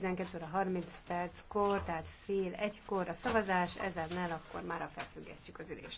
12 óra 30 perckor, tehát fél egykor a szavazás, ezennel akkor már a felfüggesztjük az ülést.